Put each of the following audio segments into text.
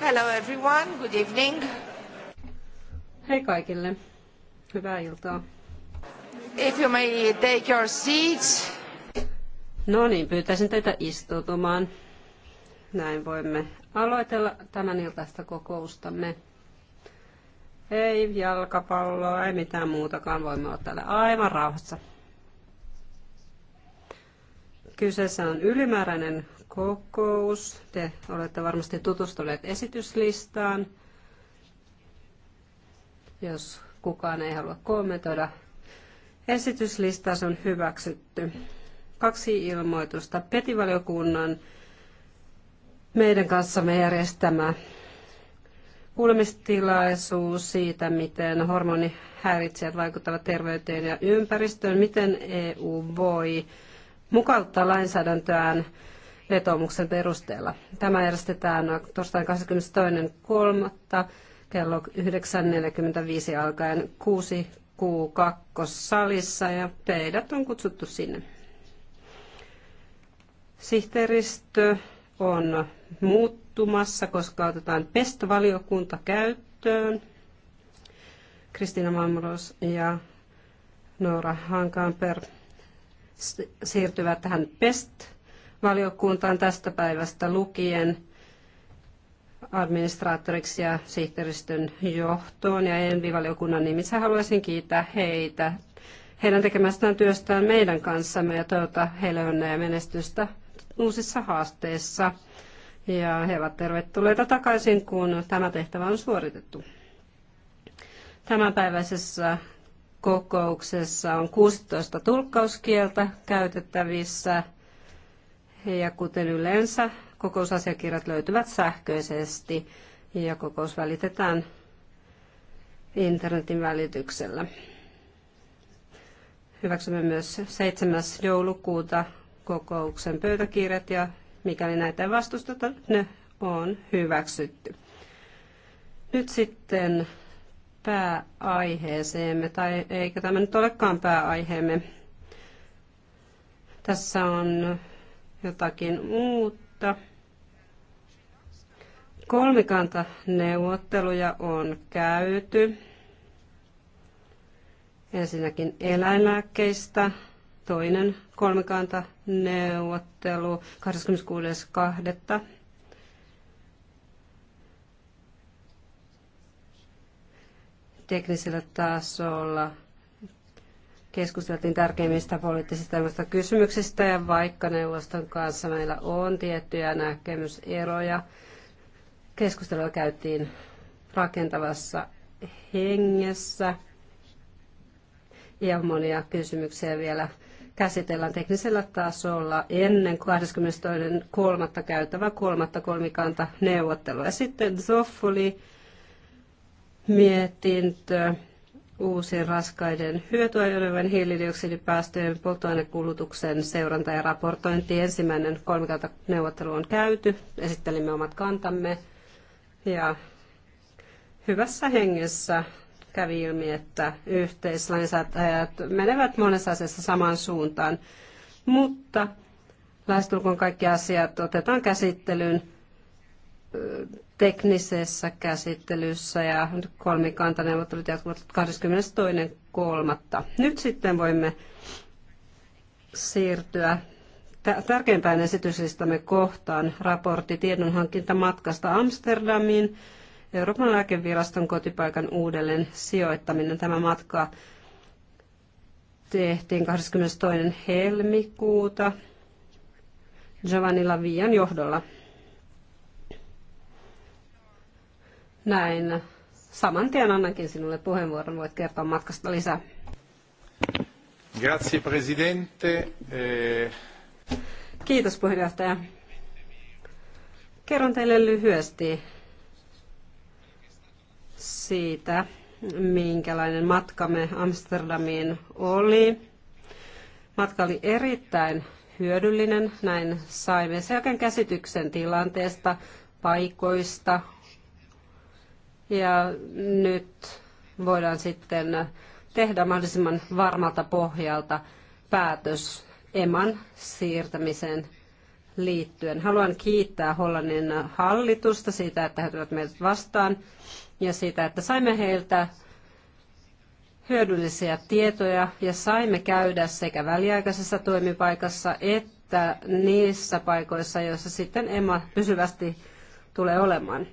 Hello everyone, good evening. Hei kaikille. Hyvää iltaa. If you may take your seats. No niin, pyytäisin teitä istutumaan. Näin voimme aloitella tämän iltaista kokoustamme. Ei jalkapalloa, ei mitään muutakaan. Voimme olla täällä aivan rauhassa. Kyseessä on ylimääräinen kokous. Te olette varmasti tutustuneet esityslistaan. Jos kukaan ei halua kommentoida, esityslista on hyväksytty. Kaksi ilmoitusta. Petivaliokunnan meidän kanssamme järjestämä kuulemistilaisuus siitä, miten hormonihäiritsijät vaikuttavat terveyteen ja ympäristöön, miten EU voi mukauttaa lainsäädäntöään vetomuksen perusteella. Tämä järjestetään torstain 22.3. kello 9.45 alkaen 6 kuu 2 salissa ja teidät on kutsuttu sinne. Sihteeristö on muuttumassa, koska otetaan PEST-valiokunta käyttöön. Kristiina Mamros ja Noora Hankanper siirtyvät tähän PEST-valiokuntaan tästä päivästä lukien administraattoriksi ja sihteeristön johtoon ja ENVI-valiokunnan nimissä haluaisin kiittää heitä heidän tekemästään työstään meidän kanssamme ja toivottaa heille onnea ja menestystä uusissa haasteissa. Ja he ovat tervetulleita takaisin, kun tämä tehtävä on suoritettu. Tämänpäiväisessä kokouksessa on 16 tulkkauskieltä käytettävissä. Ja kuten yleensä, kokousasiakirjat löytyvät sähköisesti ja kokous välitetään internetin välityksellä. Hyväksymme myös 7. joulukuuta kokouksen pöytäkirjat ja mikäli näitä ei vastusteta, ne on hyväksytty. Nyt sitten pääaiheeseemme, tai eikö tämä nyt olekaan pääaiheemme. Tässä on jotakin uutta. Kolmikanta neuvotteluja on käyty. Ensinnäkin eläinlääkkeistä, toinen kolmikanta neuvottelu 26.2 teknisellä tasolla keskusteltiin tärkeimmistä poliittisista kysymyksistä ja vaikka neuvoston kanssa meillä on tiettyjä näkemyseroja, keskustelua käytiin rakentavassa hengessä ja monia kysymyksiä vielä käsitellään teknisellä tasolla ennen 22.3. käytävä kolmatta kolmikanta neuvottelua. Sitten Zoffoli mietintö uusien raskaiden hyötyajoneuvojen hiilidioksidipäästöjen polttoainekulutuksen seuranta ja raportointi. Ensimmäinen neuvottelu on käyty. Esittelimme omat kantamme ja hyvässä hengessä kävi ilmi, että yhteislainsäätäjät menevät monessa asiassa samaan suuntaan, mutta lähestulkoon kaikki asiat otetaan käsittelyyn teknisessä käsittelyssä ja kolmikantaneuvottelut jatkuvat 22.3. Nyt sitten voimme siirtyä tärkeimpään esityslistamme kohtaan raportti tiedonhankinta matkasta Amsterdamiin, Euroopan lääkeviraston kotipaikan uudelleen sijoittaminen. Tämä matka tehtiin 22. helmikuuta Giovanni Lavian johdolla. Näin. Saman tien annankin sinulle puheenvuoron. Voit kertoa matkasta lisää. Grazie, presidente. Eh. Kiitos puheenjohtaja. Kerron teille lyhyesti siitä, minkälainen matkamme Amsterdamiin oli. Matka oli erittäin hyödyllinen, näin saimme selkeän käsityksen tilanteesta, paikoista, ja nyt voidaan sitten tehdä mahdollisimman varmalta pohjalta päätös eman siirtämiseen liittyen. Haluan kiittää Hollannin hallitusta siitä, että he tulevat meidät vastaan ja siitä, että saimme heiltä hyödyllisiä tietoja ja saimme käydä sekä väliaikaisessa toimipaikassa että niissä paikoissa, joissa sitten EMA pysyvästi tulee olemaan.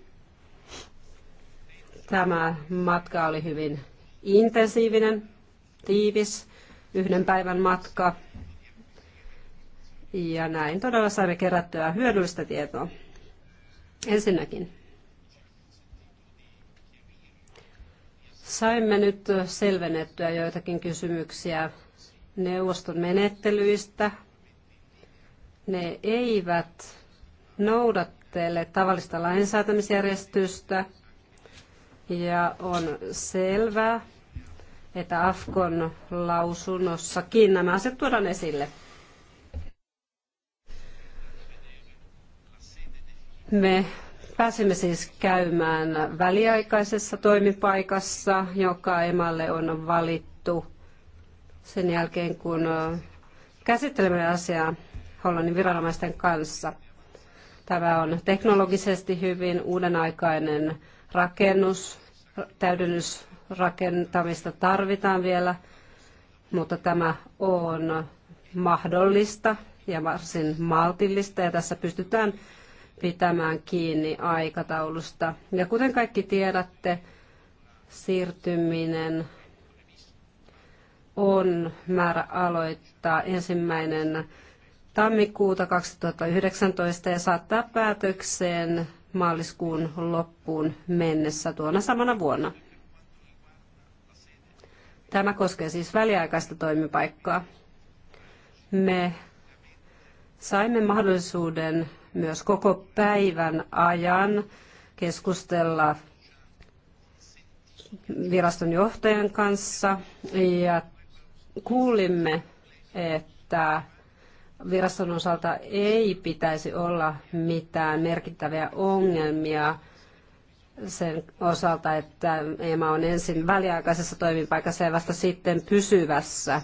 Tämä matka oli hyvin intensiivinen, tiivis, yhden päivän matka. Ja näin todella saimme kerättyä hyödyllistä tietoa. Ensinnäkin saimme nyt selvennettyä joitakin kysymyksiä neuvoston menettelyistä. Ne eivät noudattele tavallista lainsäätämisjärjestystä – ja on selvää, että Afkon lausunnossakin nämä asiat tuodaan esille. Me pääsimme siis käymään väliaikaisessa toimipaikassa, joka emalle on valittu sen jälkeen, kun käsittelemme asiaa Hollannin viranomaisten kanssa. Tämä on teknologisesti hyvin uudenaikainen rakennus, täydennysrakentamista tarvitaan vielä, mutta tämä on mahdollista ja varsin maltillista ja tässä pystytään pitämään kiinni aikataulusta. Ja kuten kaikki tiedätte, siirtyminen on määrä aloittaa ensimmäinen tammikuuta 2019 ja saattaa päätökseen maaliskuun loppuun mennessä tuona samana vuonna. Tämä koskee siis väliaikaista toimipaikkaa. Me saimme mahdollisuuden myös koko päivän ajan keskustella viraston johtajan kanssa ja kuulimme, että viraston osalta ei pitäisi olla mitään merkittäviä ongelmia sen osalta, että EMA on ensin väliaikaisessa toimipaikassa ja vasta sitten pysyvässä.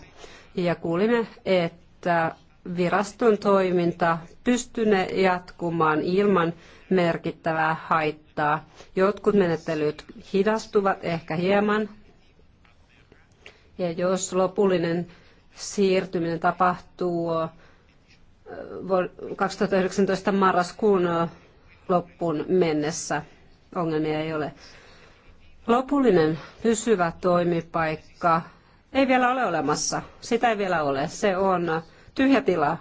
Ja kuulimme, että viraston toiminta pystyne jatkumaan ilman merkittävää haittaa. Jotkut menettelyt hidastuvat ehkä hieman, ja jos lopullinen siirtyminen tapahtuu 2019 marraskuun loppuun mennessä ongelmia ei ole. Lopullinen pysyvä toimipaikka ei vielä ole olemassa. Sitä ei vielä ole. Se on tyhjä tila,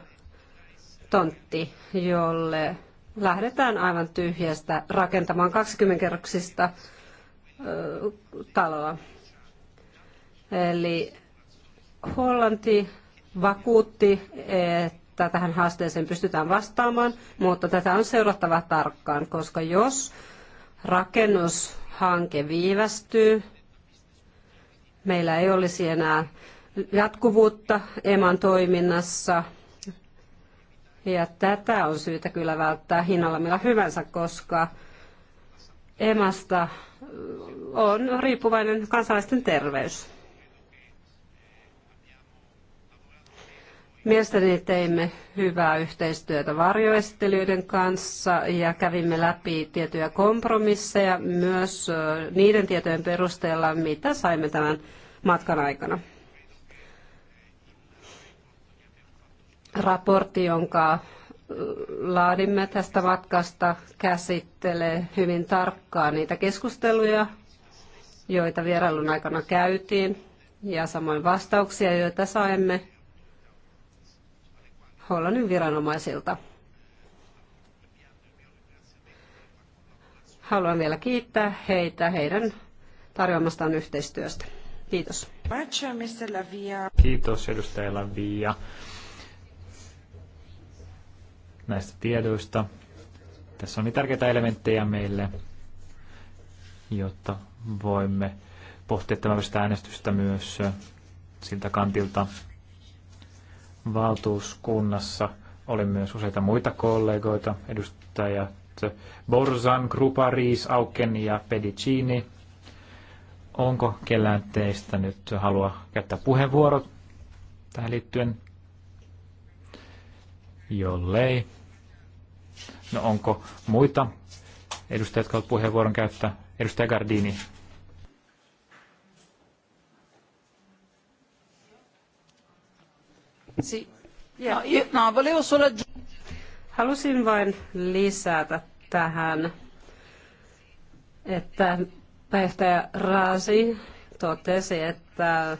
tontti, jolle lähdetään aivan tyhjästä rakentamaan 20-kerroksista taloa. Eli Hollanti vakuutti, että että tähän haasteeseen pystytään vastaamaan, mutta tätä on seurattava tarkkaan, koska jos rakennushanke viivästyy, meillä ei olisi enää jatkuvuutta EMAn toiminnassa. Ja tätä on syytä kyllä välttää hinnalla millä hyvänsä, koska EMAsta on riippuvainen kansalaisten terveys. Mielestäni teimme hyvää yhteistyötä varjoesittelyiden kanssa ja kävimme läpi tiettyjä kompromisseja myös niiden tietojen perusteella, mitä saimme tämän matkan aikana. Raportti, jonka laadimme tästä matkasta, käsittelee hyvin tarkkaan niitä keskusteluja, joita vierailun aikana käytiin, ja samoin vastauksia, joita saimme Hollannin viranomaisilta. Haluan vielä kiittää heitä heidän tarjoamastaan yhteistyöstä. Kiitos. Kiitos edustaja Lavia näistä tiedoista. Tässä on niin tärkeitä elementtejä meille, jotta voimme pohtia tämän äänestystä myös siltä kantilta, valtuuskunnassa oli myös useita muita kollegoita, edustajat Borzan, Riis, Auken ja Pedicini. Onko kellään teistä nyt halua käyttää puheenvuoro tähän liittyen? Jollei. No onko muita edustajat, jotka ovat puheenvuoron käyttää? Edustaja Gardini. No, Halusin vain lisätä tähän, että päihtäjä Raasi totesi, että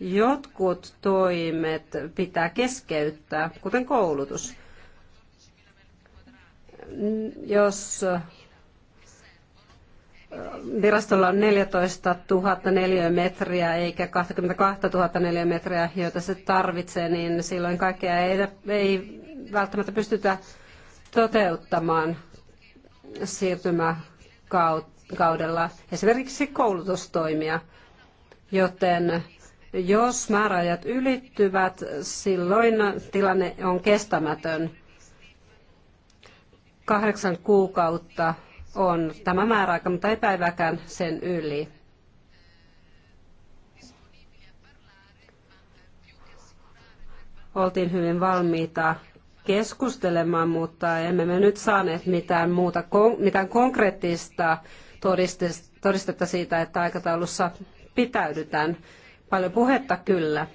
jotkut toimet pitää keskeyttää, kuten koulutus. Jos virastolla on 14 000 neliömetriä eikä 22 000 neliömetriä, joita se tarvitsee, niin silloin kaikkea ei, ei välttämättä pystytä toteuttamaan siirtymäkaudella esimerkiksi koulutustoimia, joten jos määräajat ylittyvät, silloin tilanne on kestämätön. Kahdeksan kuukautta on tämä määräaika, mutta ei päivääkään sen yli. Oltiin hyvin valmiita keskustelemaan, mutta emme me nyt saaneet mitään muuta, mitään konkreettista todistetta siitä, että aikataulussa pitäydytään. Paljon puhetta kyllä.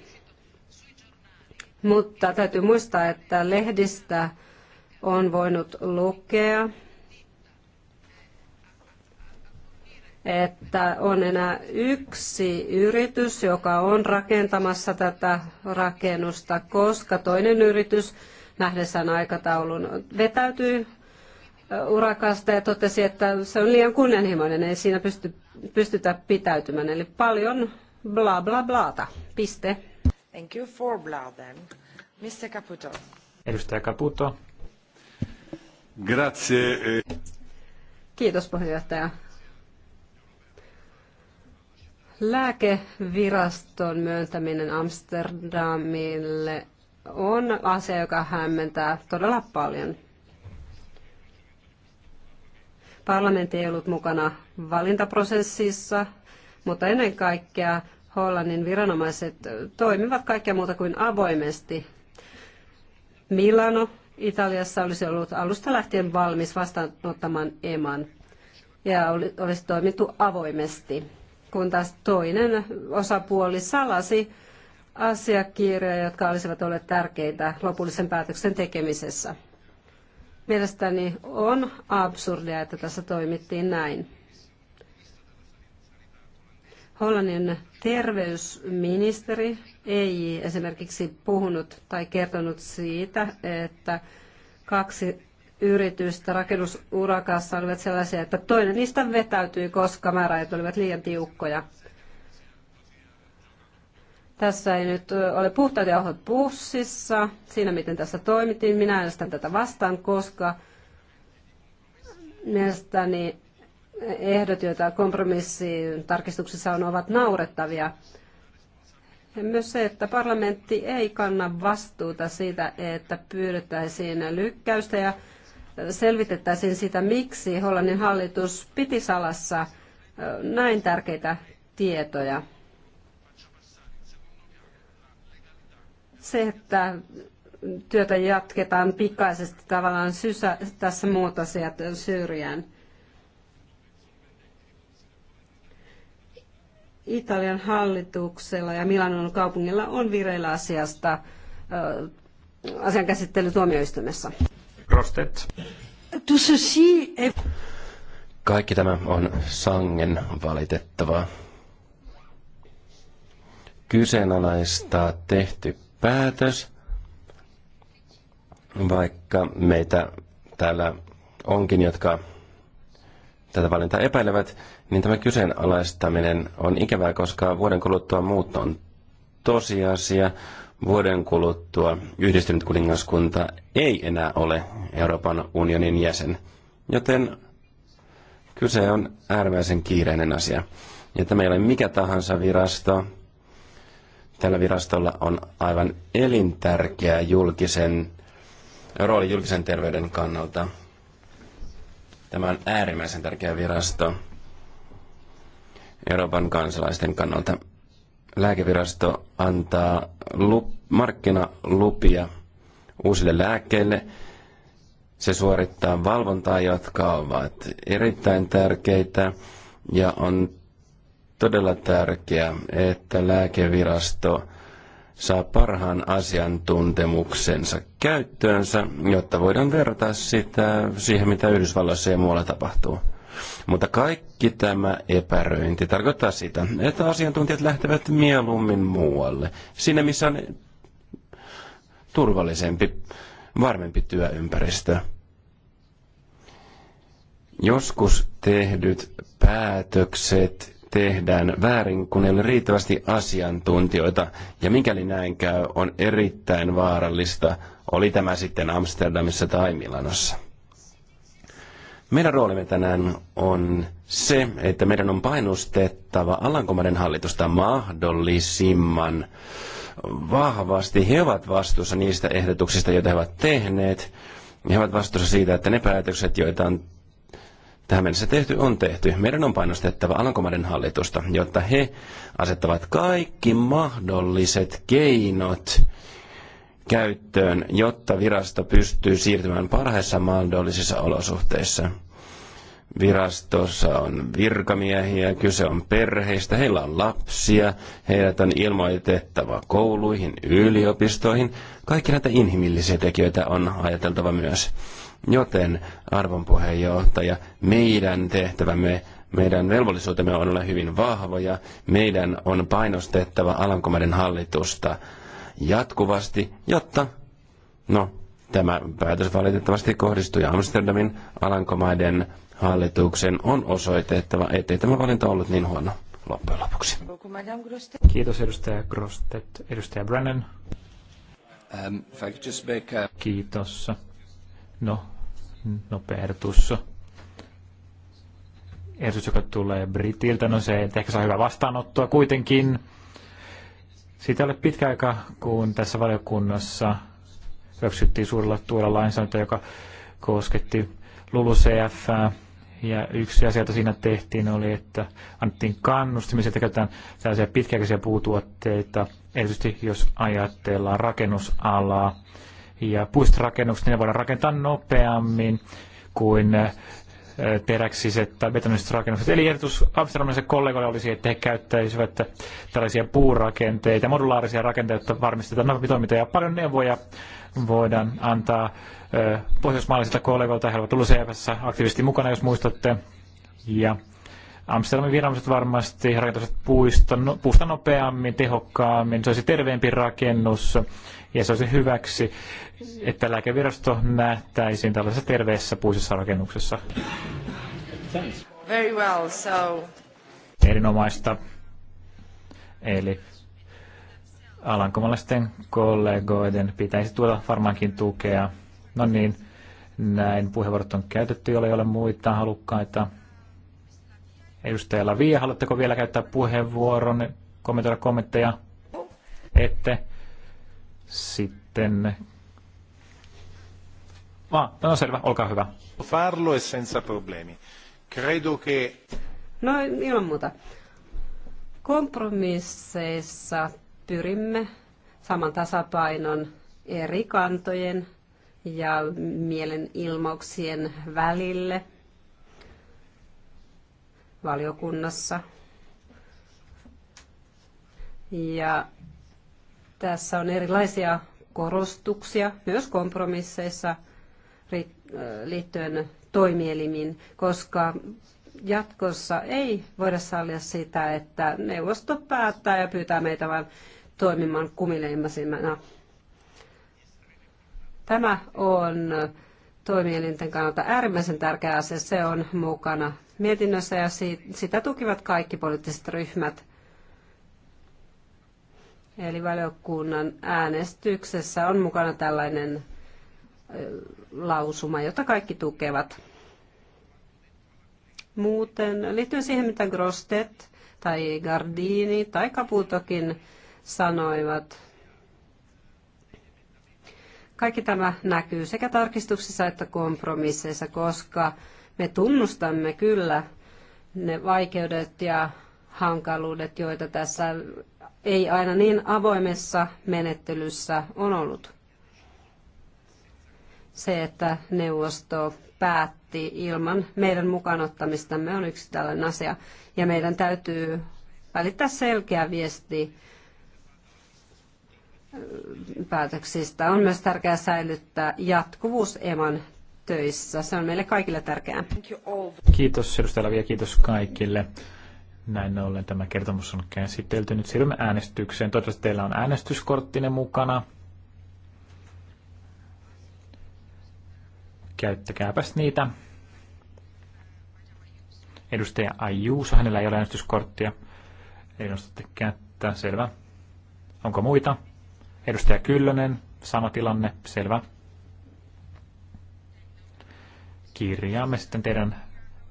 Mutta täytyy muistaa, että lehdistä on voinut lukea, että on enää yksi yritys, joka on rakentamassa tätä rakennusta, koska toinen yritys nähdessään aikataulun vetäytyi urakasta ja totesi, että se on liian kunnianhimoinen, ei siinä pysty, pystytä pitäytymään. Eli paljon bla bla blaata. Piste. Thank you for bla then. Mr. Caputo. Edustaja Caputo. Grazie. Eh. Kiitos puheenjohtaja. Lääkeviraston myöntäminen Amsterdamille on asia, joka hämmentää todella paljon. Parlamentti ei ollut mukana valintaprosessissa, mutta ennen kaikkea Hollannin viranomaiset toimivat kaikkea muuta kuin avoimesti. Milano Italiassa olisi ollut alusta lähtien valmis vastaanottamaan eman ja olisi toimittu avoimesti kun taas toinen osapuoli salasi asiakirjoja, jotka olisivat olleet tärkeitä lopullisen päätöksen tekemisessä. Mielestäni on absurdia, että tässä toimittiin näin. Hollannin terveysministeri ei esimerkiksi puhunut tai kertonut siitä, että kaksi yritystä rakennusurakassa olivat sellaisia, että toinen niistä vetäytyi, koska määräajat olivat liian tiukkoja. Tässä ei nyt ole puhtaat jauhot pussissa. Siinä, miten tässä toimittiin, minä äänestän tätä vastaan, koska mielestäni ehdot, joita kompromissiin tarkistuksessa on, ovat naurettavia. Ja myös se, että parlamentti ei kanna vastuuta siitä, että pyydettäisiin lykkäystä ja selvitettäisiin sitä, miksi Hollannin hallitus piti salassa näin tärkeitä tietoja. Se, että työtä jatketaan pikaisesti tavallaan sysä, tässä muut asiat syrjään. Italian hallituksella ja Milanon kaupungilla on vireillä asiasta asian käsittely tuomioistuimessa. Grostet. Kaikki tämä on sangen valitettavaa. Kyseenalaista tehty päätös, vaikka meitä täällä onkin, jotka tätä valintaa epäilevät, niin tämä kyseenalaistaminen on ikävää, koska vuoden kuluttua muut on tosiasia vuoden kuluttua yhdistynyt kuningaskunta ei enää ole Euroopan unionin jäsen. Joten kyse on äärimmäisen kiireinen asia. Ja tämä ei ole mikä tahansa virasto. Tällä virastolla on aivan elintärkeä julkisen, rooli julkisen terveyden kannalta. Tämä on äärimmäisen tärkeä virasto Euroopan kansalaisten kannalta lääkevirasto antaa lup- markkinalupia uusille lääkkeille. Se suorittaa valvontaa, jotka ovat erittäin tärkeitä ja on todella tärkeää, että lääkevirasto saa parhaan asiantuntemuksensa käyttöönsä, jotta voidaan verrata sitä siihen, mitä Yhdysvalloissa ja muualla tapahtuu. Mutta kaikki tämä epäröinti tarkoittaa sitä, että asiantuntijat lähtevät mieluummin muualle. Sinne, missä on turvallisempi, varmempi työympäristö. Joskus tehdyt päätökset tehdään väärin, kun ei ole riittävästi asiantuntijoita. Ja mikäli näin käy, on erittäin vaarallista, oli tämä sitten Amsterdamissa tai Milanossa. Meidän roolimme tänään on se, että meidän on painostettava Alankomaiden hallitusta mahdollisimman vahvasti. He ovat vastuussa niistä ehdotuksista, joita he ovat tehneet. He ovat vastuussa siitä, että ne päätökset, joita on tähän mennessä tehty, on tehty. Meidän on painostettava Alankomaiden hallitusta, jotta he asettavat kaikki mahdolliset keinot käyttöön, jotta virasto pystyy siirtymään parhaissa mahdollisissa olosuhteissa virastossa on virkamiehiä, kyse on perheistä, heillä on lapsia, heidät on ilmoitettava kouluihin, yliopistoihin. Kaikki näitä inhimillisiä tekijöitä on ajateltava myös. Joten, arvon puheenjohtaja, meidän tehtävämme, meidän velvollisuutemme on olla hyvin vahvoja. Meidän on painostettava Alankomaiden hallitusta jatkuvasti, jotta, no, Tämä päätös valitettavasti kohdistui Amsterdamin Alankomaiden hallituksen. On osoitettava, ettei tämä valinta ollut niin huono loppujen lopuksi. Kiitos edustaja Grostet. Edustaja Brennan. Um, a... Kiitos. No, nopea ehdotus. Ehdotus, joka tulee Britiltä, no se, että ehkä saa hyvä vastaanottoa kuitenkin. Siitä ei ole pitkä aika, kun tässä valiokunnassa hyväksyttiin suurella tuolla lainsäädäntö, joka kosketti LULUCF. Ja yksi asia, jota siinä tehtiin, oli, että annettiin kannustimia, että käytetään tällaisia pitkäaikaisia puutuotteita, erityisesti jos ajatellaan rakennusalaa. Ja puistorakennukset, ne voidaan rakentaa nopeammin kuin teräksiset tai betoniset rakennukset. Eli ehdotus Amsterdamissa kollegoille olisi, että he käyttäisivät tällaisia puurakenteita, modulaarisia rakenteita, jotta varmistetaan nämä ja Paljon neuvoja voidaan antaa pohjoismaalaisilta kollegoilta. He ovat CFS aktiivisesti mukana, jos muistatte. Ja Amsterdamin viranomaiset varmasti rakentaisivat puista, no, puusta nopeammin, tehokkaammin. Se olisi terveempi rakennus ja se olisi hyväksi, että lääkevirasto nähtäisiin tällaisessa terveessä puisessa rakennuksessa. Very well, so... Erinomaista. Eli alankomalaisten kollegoiden pitäisi tuoda varmaankin tukea. No niin, näin puheenvuorot on käytetty, jolle ei ole muita halukkaita. Edustaja Lavia, haluatteko vielä käyttää puheenvuoron, kommentoida kommentteja? Ette. Sitten... Ah, no, no selvä, olkaa hyvä. Farlo senza problemi. Credo che... No ilman muuta. Kompromisseissa pyrimme saman tasapainon eri kantojen ja mielenilmauksien välille valiokunnassa. Ja tässä on erilaisia korostuksia myös kompromisseissa äh, liittyen toimielimiin, koska jatkossa ei voida sallia sitä, että neuvosto päättää ja pyytää meitä vain toimimaan kumileimasimena. Tämä on toimielinten kannalta äärimmäisen tärkeä asia. Se on mukana mietinnössä ja sitä tukivat kaikki poliittiset ryhmät. Eli valiokunnan äänestyksessä on mukana tällainen lausuma, jota kaikki tukevat. Muuten liittyen siihen, mitä Grostet tai Gardini tai Caputokin sanoivat, kaikki tämä näkyy sekä tarkistuksissa että kompromisseissa, koska me tunnustamme kyllä ne vaikeudet ja hankaluudet, joita tässä ei aina niin avoimessa menettelyssä on ollut. Se, että neuvosto päätti ilman meidän mukanottamistamme on yksi tällainen asia. Ja meidän täytyy välittää selkeä viesti äh, päätöksistä. On myös tärkeää säilyttää jatkuvuus EMAN töissä. Se on meille kaikille tärkeää. Kiitos edustajalla ja kiitos kaikille. Näin ollen tämä kertomus on käsitelty. Nyt siirrymme äänestykseen. Toivottavasti teillä on äänestyskorttine mukana. Käyttäkääpäs niitä. Edustaja Ajuuso, hänellä ei ole äänestyskorttia. Ei nostatte kättä, selvä. Onko muita? Edustaja Kyllönen, sama tilanne, selvä. Kirjaamme sitten teidän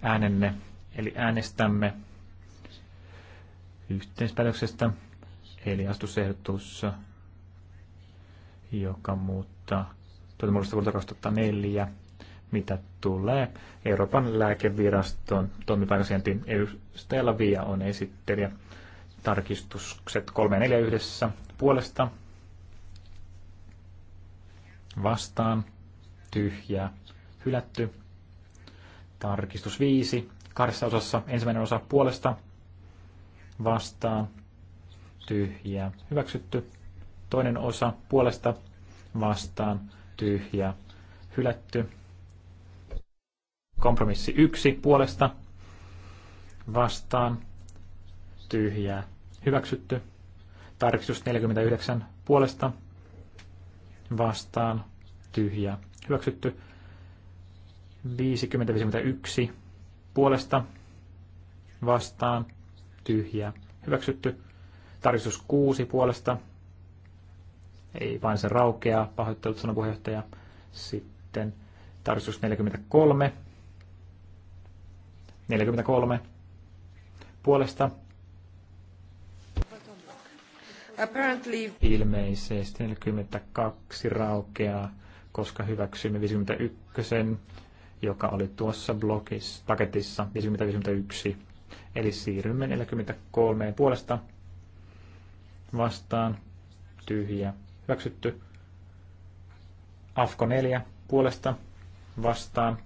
äänenne, eli äänestämme yhteispäätöksestä, eli astusehdotus, joka muuttaa tuota muodosta vuodelta 2004, mitä tulee Euroopan lääkeviraston toimipaikasijaintiin. Edustajalla Via on esittelijä. Tarkistukset 3 ja 4 yhdessä puolesta vastaan tyhjää hylätty. Tarkistus 5 kahdessa osassa ensimmäinen osa puolesta vastaan, tyhjää, hyväksytty. Toinen osa puolesta vastaan, tyhjää, hylätty. Kompromissi yksi puolesta vastaan, tyhjää, hyväksytty. Tarkistus 49 puolesta vastaan, tyhjää, hyväksytty. 50-51 puolesta vastaan, tyhjää hyväksytty. Tarkistus 6 puolesta. Ei vain se raukea, pahoittelut sanon puheenjohtaja. Sitten tarkistus 43. 43 puolesta. Apparently. Ilmeisesti 42 raukeaa, koska hyväksyimme 51, joka oli tuossa blogissa, paketissa 50-51 Eli siirrymme 43 puolesta vastaan, tyhjä, hyväksytty. Afko 4 puolesta vastaan.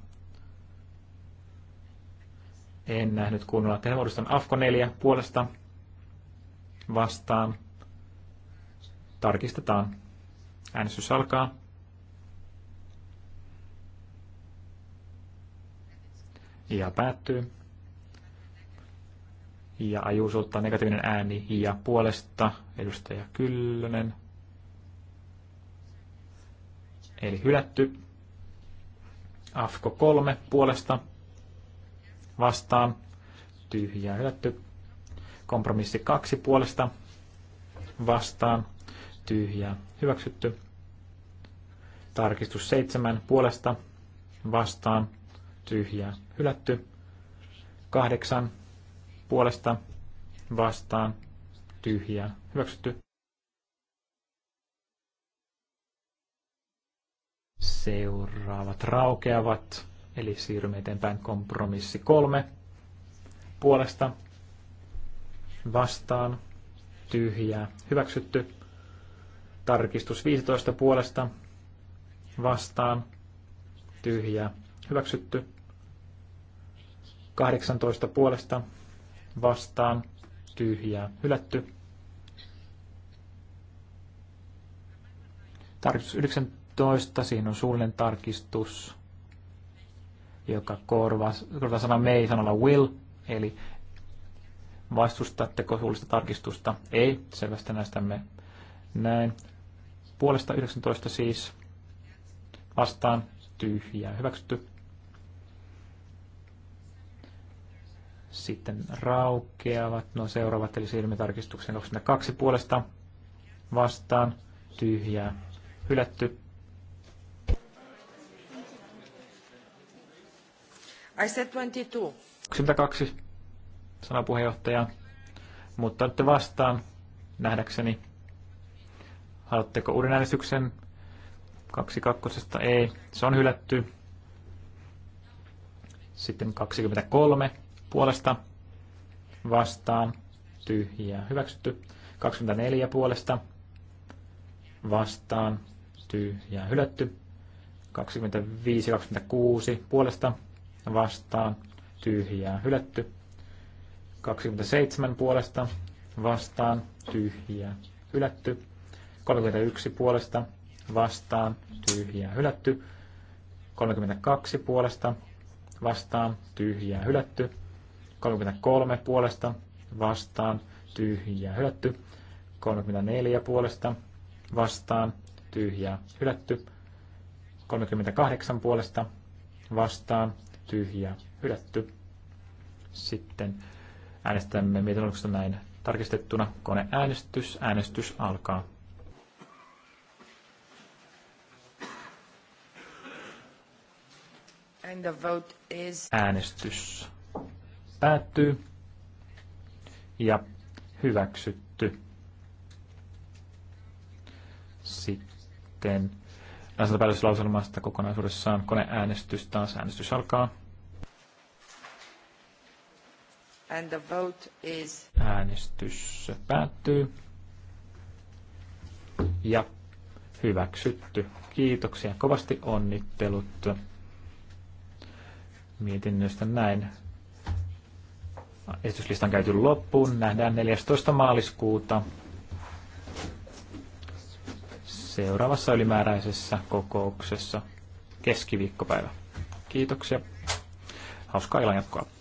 En nähnyt kunnolla. Tehän muodostan Afko 4 puolesta vastaan. Tarkistetaan. Äänestys alkaa. Ja päättyy ja ajuusulta negatiivinen ääni ja puolesta edustaja Kyllönen. Eli hylätty. Afko 3 puolesta vastaan. Tyhjää hylätty. Kompromissi 2 puolesta vastaan. Tyhjää hyväksytty. Tarkistus 7 puolesta vastaan. Tyhjää hylätty. 8 puolesta vastaan tyhjää hyväksytty. Seuraavat raukeavat, eli siirrymme eteenpäin kompromissi kolme puolesta vastaan tyhjää hyväksytty. Tarkistus 15 puolesta vastaan tyhjää hyväksytty. 18 puolesta vastaan tyhjää hylätty. Tarkistus 19, siinä on suullinen tarkistus, joka korvaa, korvaa sana may sanalla will, eli vastustatteko suullista tarkistusta? Ei, selvästi näistämme näin. Puolesta 19 siis vastaan tyhjää hyväksytty. Sitten raukeavat nuo seuraavat, eli siirrymme 22 puolesta vastaan, tyhjää, hylätty. I said 22. 22, puheenjohtaja. Mutta olette vastaan, nähdäkseni. Haluatteko uuden äänestyksen? Kaksi kakkosesta ei. Se on hylätty. Sitten 23 puolesta vastaan tyhjää hyväksytty. 24 puolesta vastaan tyhjää hylätty. 25-26 puolesta vastaan tyhjää hylätty. 27 puolesta vastaan tyhjää hylätty. 31 puolesta vastaan tyhjää hylätty. 32 puolesta vastaan tyhjää hylätty. 33 puolesta vastaan tyhjä hylätty. 34 puolesta vastaan tyhjä hylätty. 38 puolesta vastaan tyhjä hylätty. Sitten äänestämme mietinnöstä näin tarkistettuna koneäänestys. Äänestys alkaa. And the vote is... Äänestys päättyy ja hyväksytty. Sitten päätöslauselmasta kokonaisuudessaan koneäänestys taas äänestys alkaa. And the vote is... Äänestys päättyy. Ja hyväksytty. Kiitoksia kovasti onnittelut mietinnöstä näin. Esityslistan käyty loppuun. Nähdään 14. maaliskuuta seuraavassa ylimääräisessä kokouksessa keskiviikkopäivä. Kiitoksia. Hauskaa illan jatkoa.